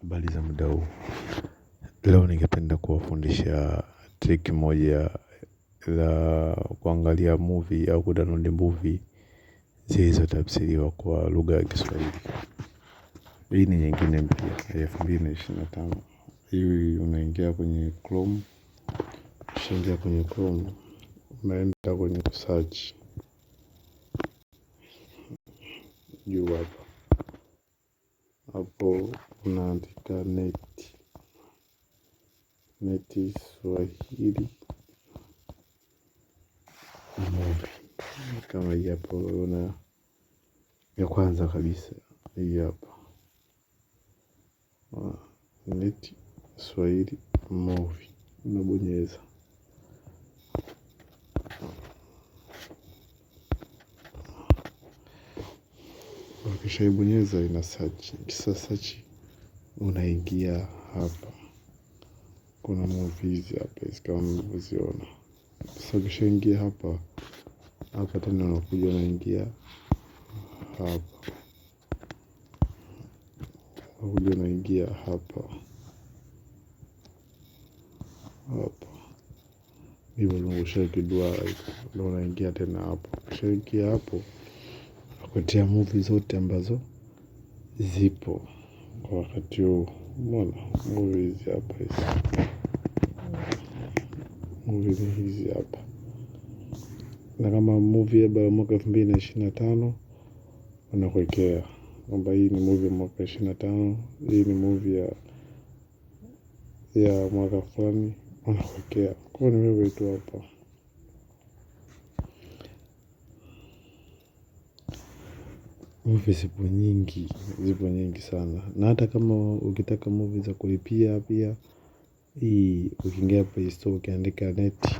Habari za muda huu. Leo ningependa kuwafundisha trick moja la kuangalia movie au kudownload movie zilizotafsiriwa kwa lugha ya kiswahili. Hii ni nyingine mpya ya elfu mbili na ishirini na tano. Hii unaingia kwenye chrome. Ukishaingia kwenye chrome unaenda kwenye search juu hapa hapo unaandika neti neti Swahili kama hii hapo, una ya kwanza kabisa hii hapo ah, neti Swahili movie unabonyeza. ukishaibonyeza ina search, kisha search unaingia hapa, kuna movies hapa hizi kama mlivyoziona. Sasa ukishaingia hapa hapa tena unakuja unaingia hapa, unakuja unaingia hapa hapa hivyo, unaosha kiduara, ndio unaingia tena hapo, ukishaingia hapo kukuletea movie zote ambazo zipo kwa wakati huu. Mbona movie hizi hapa hizi, movie ni hizi hapa, na kama movie labda ya mwaka elfu mbili na ishirini na tano unakuwekea kwamba hii ni movie ya mwaka ishirini na tano, hii ni movie ya ya mwaka fulani unakuwekea. Kwa hiyo ni wewe tu hapa. Movie zipo nyingi, zipo nyingi sana. Na hata kama ukitaka movie za kulipia pia hii ukiingia play store ukiandika neti.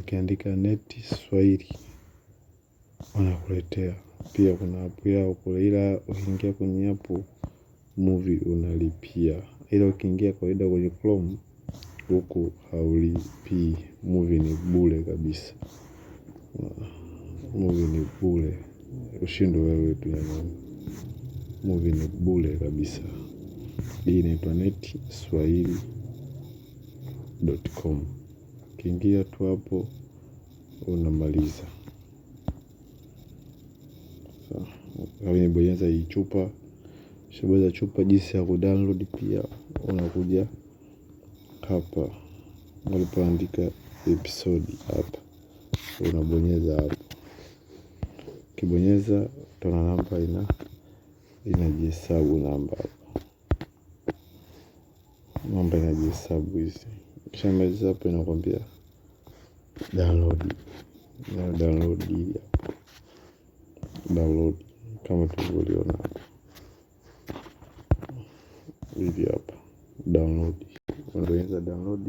Ukiandika neti swahili wanakuletea. Pia kuna app yao kule ila ukiingia kwenye app movie unalipia. Ila ukiingia kawaida kwenye chrome huku haulipii movie ni bure kabisa. Movie ni bure, ushindo wewe tu jamani. Movie ni bure kabisa. Hii inaitwa com Ukiingia tu hapo unamaliza. Kawini bonyeza hii chupa, shabaza chupa, jinsi ya kudownload pia unakuja hapa ngalipoandika episode hapa unabonyeza hapo ukibonyeza utaona namba ina inajihesabu namba hapa, namba inajihesabu hizi. Ukishamaliza hapo, inakwambia download na download hii download kama tulivyoliona hapa hivi hapa, download unabonyeza download.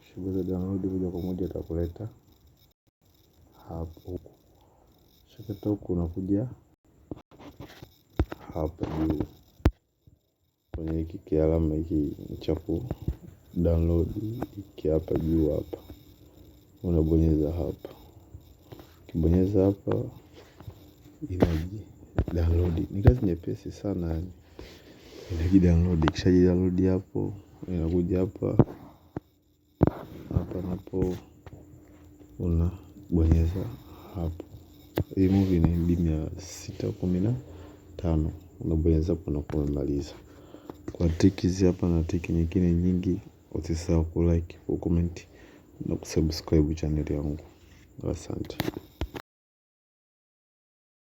Ukishabonyeza download, moja kwa moja itakuleta hapo unaokata huku unakuja hapa juu kwenye hiki kialama hiki cha ku download hiki hapa juu hapa unabonyeza hapa ukibonyeza hapa inaji download ni kazi nyepesi sana yani inaji download ikishaji download hapo inakuja hapa hapa napo unabonyeza hapo hii movie ni mia sita kumi na tano unabonyeza hapo unakuwa umemaliza. Kwa tiki hizi hapa na tiki nyingine nyingi usisahau kulike, kukomenti na kusubscribe channel yangu asante.